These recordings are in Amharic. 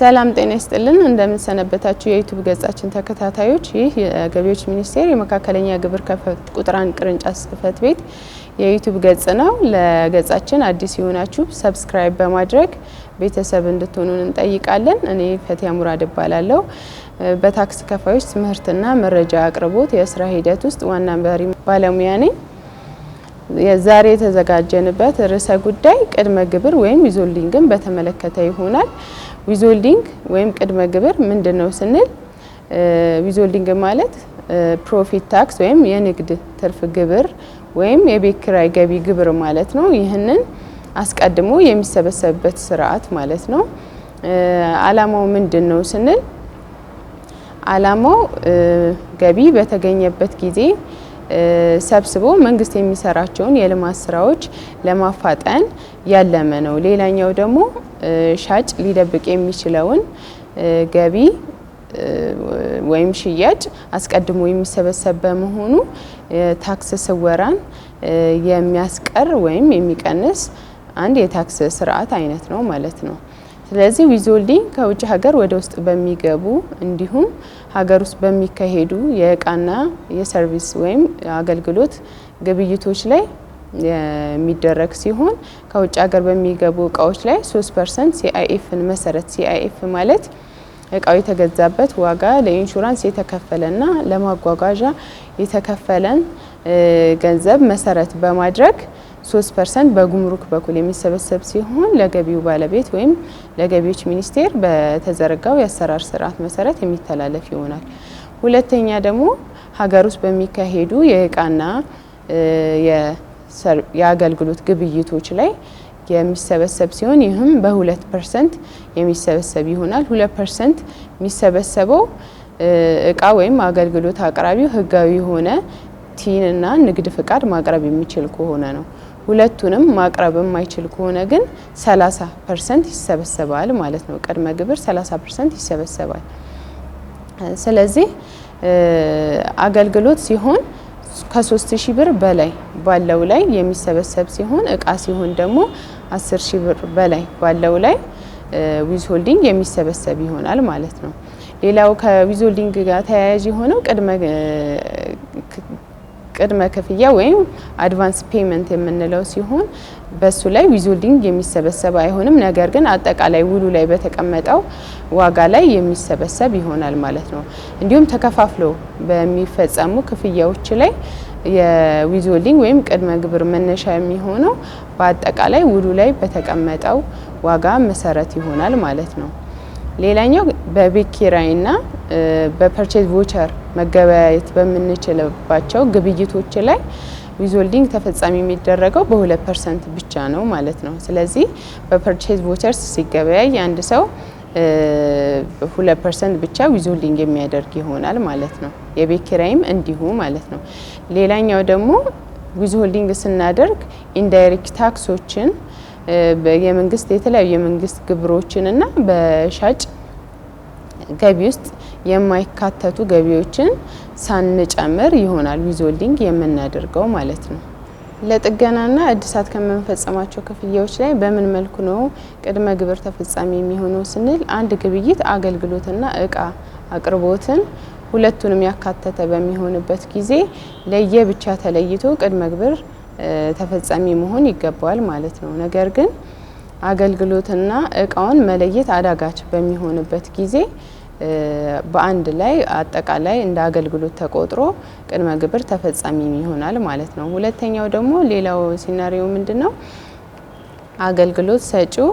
ሰላም ጤና ይስጥልን። እንደምንሰነበታችሁ የዩቱብ ገጻችን ተከታታዮች፣ ይህ የገቢዎች ሚኒስቴር የመካከለኛ ግብር ከፈት ቁጥር አንድ ቅርንጫፍ ቤት የዩቱብ ገጽ ነው። ለገጻችን አዲስ የሆናችሁ ሰብስክራይብ በማድረግ ቤተሰብ እንድትሆኑን እንጠይቃለን። እኔ ፈቲያ ሙራድ እባላለሁ። በታክስ ከፋዮች ትምህርትና መረጃ አቅርቦት የስራ ሂደት ውስጥ ዋና መሪ ባለሙያ ነኝ። የዛሬ የተዘጋጀንበት ርዕሰ ጉዳይ ቅድመ ግብር ወይም ዊዞልዲንግን በተመለከተ ይሆናል። ዊዞልዲንግ ወይም ቅድመ ግብር ምንድን ነው ስንል ዊዞልዲንግ ማለት ፕሮፊት ታክስ ወይም የንግድ ትርፍ ግብር ወይም የቤት ኪራይ ገቢ ግብር ማለት ነው። ይህንን አስቀድሞ የሚሰበሰብበት ስርዓት ማለት ነው። አላማው ምንድን ነው ስንል አላማው ገቢ በተገኘበት ጊዜ ሰብስቦ መንግስት የሚሰራቸውን የልማት ስራዎች ለማፋጠን ያለመ ነው። ሌላኛው ደግሞ ሻጭ ሊደብቅ የሚችለውን ገቢ ወይም ሽያጭ አስቀድሞ የሚሰበሰብ በመሆኑ ታክስ ስወራን የሚያስቀር ወይም የሚቀንስ አንድ የታክስ ስርዓት አይነት ነው ማለት ነው። ስለዚህ ዊዞልዲንግ ከውጭ ሀገር ወደ ውስጥ በሚገቡ እንዲሁም ሀገር ውስጥ በሚካሄዱ የእቃና የሰርቪስ ወይም አገልግሎት ግብይቶች ላይ የሚደረግ ሲሆን ከውጭ ሀገር በሚገቡ እቃዎች ላይ 3 ፐርሰንት ሲአይኤፍን መሰረት ሲአይኤፍ ማለት እቃው የተገዛበት ዋጋ ለኢንሹራንስ የተከፈለና ለማጓጓዣ የተከፈለን ገንዘብ መሰረት በማድረግ ሶስት ፐርሰንት በጉምሩክ በኩል የሚሰበሰብ ሲሆን ለገቢው ባለቤት ወይም ለገቢዎች ሚኒስቴር በተዘረጋው የአሰራር ስርዓት መሰረት የሚተላለፍ ይሆናል። ሁለተኛ ደግሞ ሀገር ውስጥ በሚካሄዱ የእቃና የአገልግሎት ግብይቶች ላይ የሚሰበሰብ ሲሆን ይህም በሁለት ፐርሰንት የሚሰበሰብ ይሆናል። ሁለት ፐርሰንት የሚሰበሰበው እቃ ወይም አገልግሎት አቅራቢው ህጋዊ የሆነ ቲንና ንግድ ፍቃድ ማቅረብ የሚችል ከሆነ ነው። ሁለቱንም ማቅረብ የማይችል ከሆነ ግን 30 ፐርሰንት ይሰበሰባል ማለት ነው። ቅድመ ግብር 30 ፐርሰንት ይሰበሰባል። ስለዚህ አገልግሎት ሲሆን ከሶስት ሺህ ብር በላይ ባለው ላይ የሚሰበሰብ ሲሆን እቃ ሲሆን ደግሞ 10000 ሺህ ብር በላይ ባለው ላይ ዊዝ ሆልዲንግ የሚሰበሰብ ይሆናል ማለት ነው። ሌላው ከዊዝ ሆልዲንግ ጋር ተያያዥ የሆነው ቅድመ ቅድመ ክፍያ ወይም አድቫንስ ፔመንት የምንለው ሲሆን በሱ ላይ ዊዞልዲንግ የሚሰበሰብ አይሆንም። ነገር ግን አጠቃላይ ውሉ ላይ በተቀመጠው ዋጋ ላይ የሚሰበሰብ ይሆናል ማለት ነው። እንዲሁም ተከፋፍሎ በሚፈጸሙ ክፍያዎች ላይ የዊዞልዲንግ ወይም ቅድመ ግብር መነሻ የሚሆነው በአጠቃላይ ውሉ ላይ በተቀመጠው ዋጋ መሰረት ይሆናል ማለት ነው። ሌላኛው በቤት ኪራይና በፐርቼዝ ቮቸር መገበያየት በምንችልባቸው ግብይቶች ላይ ዊዝሆልዲንግ ተፈጻሚ የሚደረገው በሁለት ፐርሰንት ብቻ ነው ማለት ነው። ስለዚህ በፐርቼዝ ቮቸር ሲገበያይ አንድ ሰው ሁለት ፐርሰንት ብቻ ዊዝሆልዲንግ የሚያደርግ ይሆናል ማለት ነው። የቤት ኪራይም እንዲሁ ማለት ነው። ሌላኛው ደግሞ ዊዝሆልዲንግ ስናደርግ ኢንዳይሬክት ታክሶችን የመንግስት የተለያዩ የመንግስት ግብሮችን እና በሻጭ ገቢ ውስጥ የማይካተቱ ገቢዎችን ሳንጨምር ይሆናል ዊዝሆልዲንግ የምናደርገው ማለት ነው። ለጥገናና እድሳት ከምንፈጽማቸው ክፍያዎች ላይ በምን መልኩ ነው ቅድመ ግብር ተፈጻሚ የሚሆነው ስንል አንድ ግብይት አገልግሎትና እቃ አቅርቦትን ሁለቱንም ያካተተ በሚሆንበት ጊዜ ለየብቻ ተለይቶ ቅድመ ግብር ተፈጻሚ መሆን ይገባዋል ማለት ነው። ነገር ግን አገልግሎትና እቃውን መለየት አዳጋች በሚሆንበት ጊዜ በአንድ ላይ አጠቃላይ እንደ አገልግሎት ተቆጥሮ ቅድመ ግብር ተፈጻሚ ይሆናል ማለት ነው። ሁለተኛው ደግሞ ሌላው ሲናሪዮ ምንድን ነው? አገልግሎት ሰጪው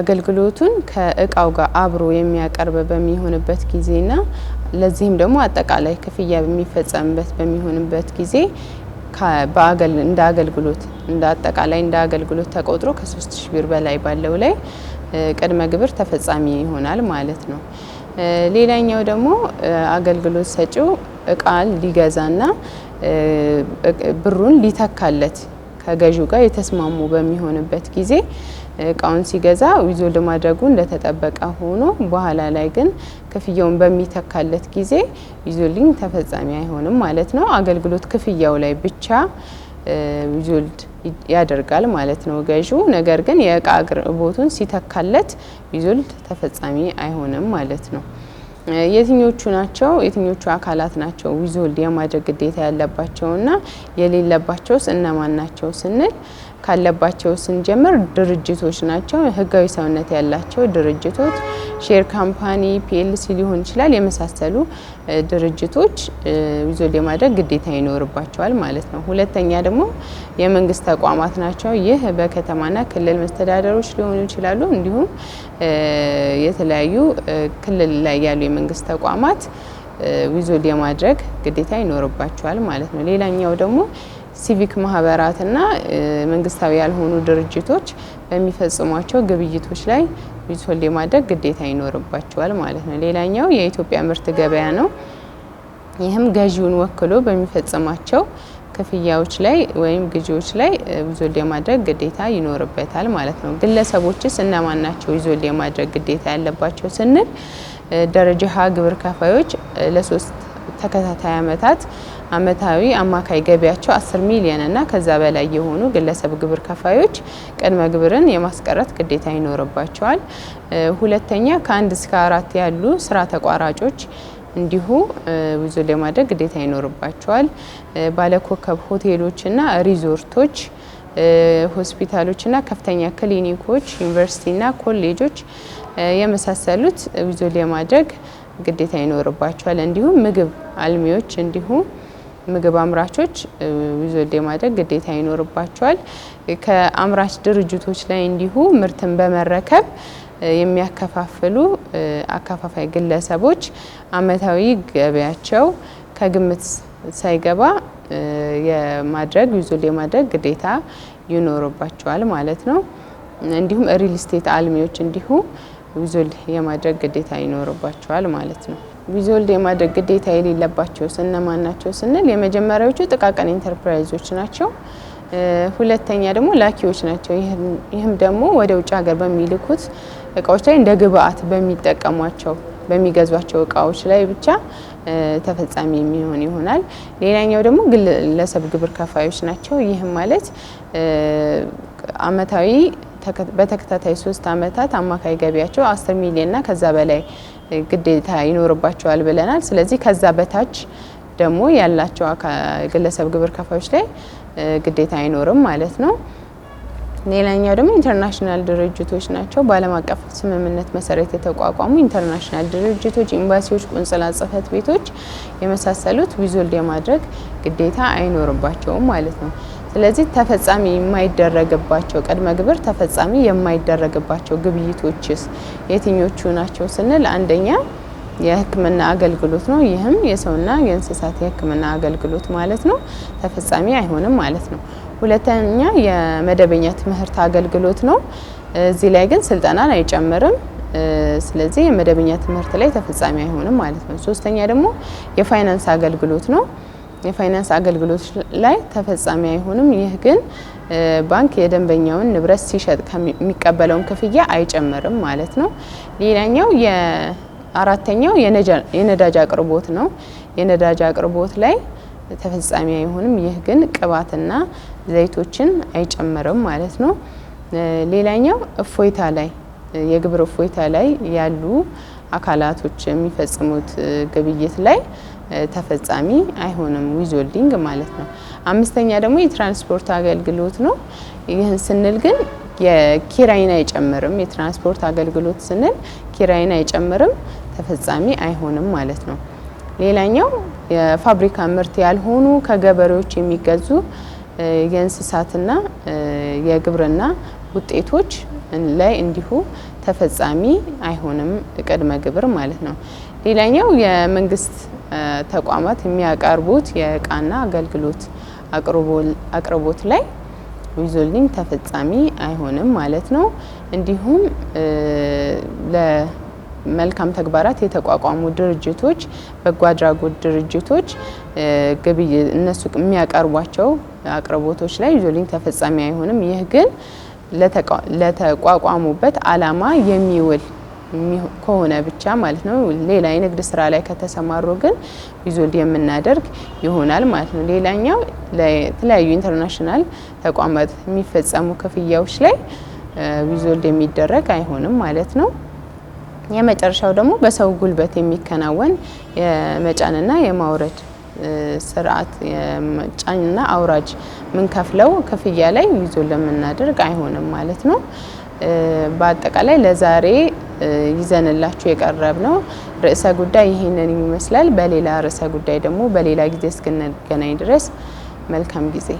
አገልግሎቱን ከእቃው ጋር አብሮ የሚያቀርብ በሚሆንበት ጊዜና ለዚህም ደግሞ አጠቃላይ ክፍያ በሚፈጸምበት በሚሆንበት ጊዜ እንደ አገልግሎት እንደ አጠቃላይ እንደ አገልግሎት ተቆጥሮ ከ3000 ብር በላይ ባለው ላይ ቅድመ ግብር ተፈጻሚ ይሆናል ማለት ነው። ሌላኛው ደግሞ አገልግሎት ሰጪው እቃን ሊገዛና ብሩን ሊተካለት ከገዢው ጋር የተስማሙ በሚሆንበት ጊዜ እቃውን ሲገዛ ዊዞልድ ማድረጉ እንደተጠበቀ ሆኖ በኋላ ላይ ግን ክፍያውን በሚተካለት ጊዜ ዊዞልዲንግ ተፈጻሚ አይሆንም ማለት ነው። አገልግሎት ክፍያው ላይ ብቻ ዊዞልድ ያደርጋል ማለት ነው ገዢው። ነገር ግን የእቃ አቅርቦቱን ሲተካለት ይዞልድ ተፈጻሚ አይሆንም ማለት ነው። የትኞቹ ናቸው የትኞቹ አካላት ናቸው ዊዝሆልድ የማድረግ ግዴታ ያለባቸውና የሌለባቸውስ እነማን ናቸው ስንል ካለባቸው ስንጀምር ድርጅቶች ናቸው። ህጋዊ ሰውነት ያላቸው ድርጅቶች ሼር ካምፓኒ፣ ፒኤልሲ ሊሆን ይችላል የመሳሰሉ ድርጅቶች ዊዝሆልድ የማድረግ ግዴታ ይኖርባቸዋል ማለት ነው። ሁለተኛ ደግሞ የመንግስት ተቋማት ናቸው። ይህ በከተማና ክልል መስተዳደሮች ሊሆኑ ይችላሉ እንዲሁም የተለያዩ ክልል ላይ ያሉ የመንግስት ተቋማት ዊዞድ የማድረግ ግዴታ ይኖርባቸዋል ማለት ነው። ሌላኛው ደግሞ ሲቪክ ማህበራትና መንግስታዊ ያልሆኑ ድርጅቶች በሚፈጽሟቸው ግብይቶች ላይ ዊዞ የማድረግ ግዴታ ይኖርባቸዋል ማለት ነው። ሌላኛው የኢትዮጵያ ምርት ገበያ ነው። ይህም ገዢውን ወክሎ በሚፈጽማቸው ክፍያዎች ላይ ወይም ግዢዎች ላይ ዞል የማድረግ ግዴታ ይኖርበታል ማለት ነው። ግለሰቦችስ እነማን ናቸው ዞል የማድረግ ግዴታ ያለባቸው ስንል ደረጃ ሀ ግብር ከፋዮች ለሶስት ተከታታይ አመታት አመታዊ አማካይ ገቢያቸው 10 ሚሊዮን እና ከዛ በላይ የሆኑ ግለሰብ ግብር ከፋዮች ቅድመ ግብርን የማስቀረት ግዴታ ይኖርባቸዋል። ሁለተኛ ከአንድ እስከ አራት ያሉ ስራ ተቋራጮች እንዲሁ ውዞ ለማድረግ ግዴታ ይኖርባቸዋል። ባለኮከብ ሆቴሎችና ሪዞርቶች ሆስፒታሎችና ከፍተኛ ክሊኒኮች፣ ዩኒቨርሲቲና ኮሌጆች የመሳሰሉት ውዞ ለማድረግ ግዴታ ይኖርባቸዋል። እንዲሁም ምግብ አልሚዎች እንዲሁም ምግብ አምራቾች ውዞ ለማድረግ ግዴታ ይኖርባቸዋል። ከአምራች ድርጅቶች ላይ እንዲሁ ምርትን በመረከብ የሚያከፋፍሉ አከፋፋይ ግለሰቦች አመታዊ ገቢያቸው ከግምት ሳይገባ የማድረግ ዩዞል የማድረግ ግዴታ ይኖርባቸዋል ማለት ነው። እንዲሁም ሪል ስቴት አልሚዎች እንዲሁ ዊዞል የማድረግ ግዴታ ይኖርባቸዋል ማለት ነው። ዊዞል የማድረግ ግዴታ የሌለባቸው እነማን ናቸው ስንል የመጀመሪያዎቹ ጥቃቅን ኢንተርፕራይዞች ናቸው። ሁለተኛ ደግሞ ላኪዎች ናቸው። ይህም ደግሞ ወደ ውጭ ሀገር በሚልኩት እቃዎች ላይ እንደ ግብአት በሚጠቀሟቸው በሚገዟቸው እቃዎች ላይ ብቻ ተፈጻሚ የሚሆን ይሆናል። ሌላኛው ደግሞ ግለሰብ ግብር ከፋዮች ናቸው። ይህም ማለት አመታዊ በተከታታይ ሶስት አመታት አማካይ ገቢያቸው አስር ሚሊዮንና ከዛ በላይ ግዴታ ይኖርባቸዋል ብለናል። ስለዚህ ከዛ በታች ደግሞ ያላቸው ግለሰብ ግብር ከፋዮች ላይ ግዴታ አይኖርም ማለት ነው። ሌላኛው ደግሞ ኢንተርናሽናል ድርጅቶች ናቸው። በዓለም አቀፍ ስምምነት መሰረት የተቋቋሙ ኢንተርናሽናል ድርጅቶች፣ ኤምባሲዎች፣ ቁንጽላ ጽፈት ቤቶች የመሳሰሉት ዊዞልድ የማድረግ ግዴታ አይኖርባቸውም ማለት ነው። ስለዚህ ተፈጻሚ የማይደረግባቸው ቅድመ ግብር ተፈጻሚ የማይደረግባቸው ግብይቶችስ የትኞቹ ናቸው ስንል አንደኛ የህክምና አገልግሎት ነው። ይህም የሰውና የእንስሳት የህክምና አገልግሎት ማለት ነው ተፈጻሚ አይሆንም ማለት ነው። ሁለተኛ የመደበኛ ትምህርት አገልግሎት ነው። እዚህ ላይ ግን ስልጠናን አይጨምርም። ስለዚህ የመደበኛ ትምህርት ላይ ተፈጻሚ አይሆንም ማለት ነው። ሶስተኛ ደግሞ የፋይናንስ አገልግሎት ነው። የፋይናንስ አገልግሎት ላይ ተፈጻሚ አይሆንም። ይህ ግን ባንክ የደንበኛውን ንብረት ሲሸጥ ከሚቀበለውን ክፍያ አይጨምርም ማለት ነው። ሌላኛው አራተኛው የነዳጅ አቅርቦት ነው። የነዳጅ አቅርቦት ላይ ተፈጻሚ አይሆንም። ይህ ግን ቅባትና ዘይቶችን አይጨምርም ማለት ነው። ሌላኛው እፎይታ ላይ የግብር እፎይታ ላይ ያሉ አካላቶች የሚፈጽሙት ግብይት ላይ ተፈጻሚ አይሆንም፣ ዊዞልዲንግ ማለት ነው። አምስተኛ ደግሞ የትራንስፖርት አገልግሎት ነው። ይህን ስንል ግን የኪራይን አይጨምርም። የትራንስፖርት አገልግሎት ስንል ኪራይን አይጨምርም። ተፈጻሚ አይሆንም ማለት ነው። ሌላኛው የፋብሪካ ምርት ያልሆኑ ከገበሬዎች የሚገዙ የእንስሳትና የግብርና ውጤቶች ላይ እንዲሁ ተፈጻሚ አይሆንም ቅድመ ግብር ማለት ነው። ሌላኛው የመንግስት ተቋማት የሚያቀርቡት የእቃና አገልግሎት አቅርቦት ላይ ዊዞልዲንግ ተፈጻሚ አይሆንም ማለት ነው። እንዲሁም መልካም ተግባራት የተቋቋሙ ድርጅቶች፣ በጎ አድራጎት ድርጅቶች ግብይት እነሱ የሚያቀርቧቸው አቅርቦቶች ላይ ዞሊንግ ተፈጻሚ አይሆንም። ይህ ግን ለተቋቋሙበት ዓላማ የሚውል ከሆነ ብቻ ማለት ነው። ሌላ የንግድ ስራ ላይ ከተሰማሩ ግን ይዞልድ የምናደርግ ይሆናል ማለት ነው። ሌላኛው ለተለያዩ ኢንተርናሽናል ተቋማት የሚፈጸሙ ክፍያዎች ላይ ዊዞልድ የሚደረግ አይሆንም ማለት ነው። የመጨረሻው ደግሞ በሰው ጉልበት የሚከናወን የመጫንና የማውረድ ስርዓት የመጫንና አውራጅ ምንከፍለው ክፍያ ላይ ይዞ ለምናደርግ አይሆንም ማለት ነው። በአጠቃላይ ለዛሬ ይዘንላችሁ የቀረብ ነው ርዕሰ ጉዳይ ይህንን ይመስላል። በሌላ ርዕሰ ጉዳይ ደግሞ በሌላ ጊዜ እስክንገናኝ ድረስ መልካም ጊዜ